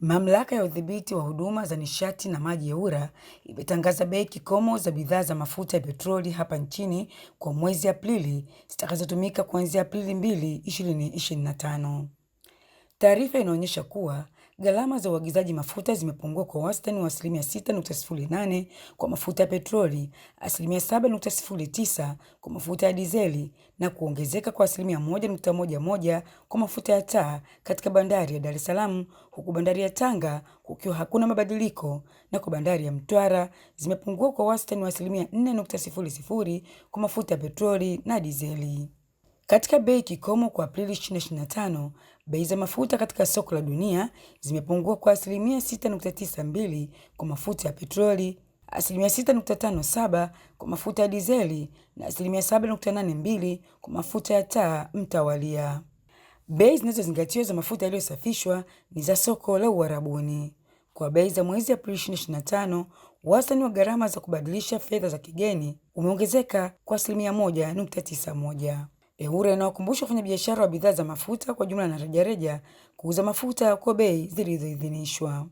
Mamlaka ya Udhibiti wa Huduma za Nishati na Maji EWURA imetangaza bei kikomo za bidhaa za mafuta ya petroli hapa nchini kwa mwezi Aprili zitakazotumika kuanzia Aprili 2, 2025. Taarifa inaonyesha kuwa Gharama za uagizaji mafuta zimepungua kwa wastani wa asilimia 6.08 kwa mafuta ya petroli, asilimia 7.09 kwa mafuta ya dizeli na kuongezeka kwa asilimia 1.11 kwa mafuta ya taa katika bandari ya Dar es Salaam, huku bandari ya Tanga kukiwa hakuna mabadiliko, na kwa bandari ya Mtwara zimepungua kwa wastani wa asilimia 4.00 kwa mafuta ya petroli na dizeli. Katika bei kikomo kwa Aprili 2025, bei za mafuta katika soko la dunia zimepungua kwa asilimia 6.92 kwa mafuta ya petroli, asilimia 6.57 kwa mafuta ya dizeli na asilimia 7.82 kwa mafuta ya taa mtawalia. Bei zinazozingatiwa za mafuta yaliyosafishwa ni za soko la Uarabuni. Kwa bei za mwezi Aprili 2025, wastani wa gharama za kubadilisha fedha za kigeni umeongezeka kwa asilimia 1.91. EWURA inawakumbusha wafanyabiashara wa bidhaa za mafuta kwa jumla na rejareja kuuza mafuta kwa bei zilizoidhinishwa.